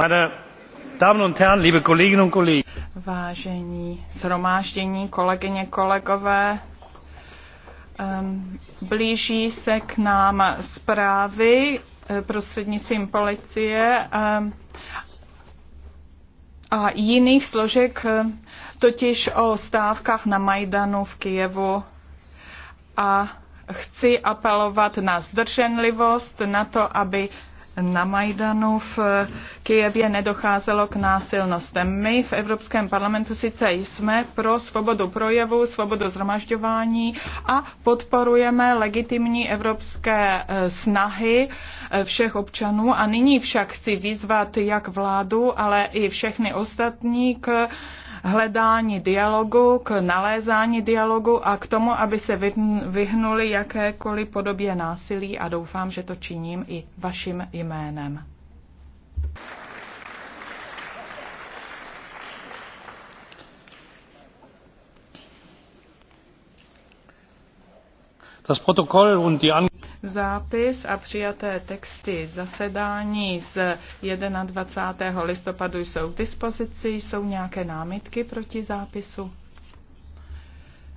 Meine Damen und Herren, liebe Kolleginnen und Kollegen. Vážení shromáždění kolegyně, kolegové, blíží se k nám zprávy eh, prostřednictvím policie a jiných složek, totiž o stávkách na Majdanu v Kijevu a chci apelovat na zdrženlivost, na to, aby na Majdanu v Kijevě nedocházelo k násilnostem. My v Evropském parlamentu sice jsme pro svobodu projevu, svobodu zhromažďování a podporujeme legitimní evropské e, snahy e, všech občanů a nyní však chci vyzvat jak vládu, ale i všechny ostatní k hledání dialogu, k nalézání dialogu a k tomu, aby se vyhnuli jakékoliv podobě násilí a doufám, že to činím i vaším jménem. Das Protokoll und die Zápis a přijaté texty zasedání z 21. listopadu jsou k dispozici. Jsou nějaké námitky proti zápisu?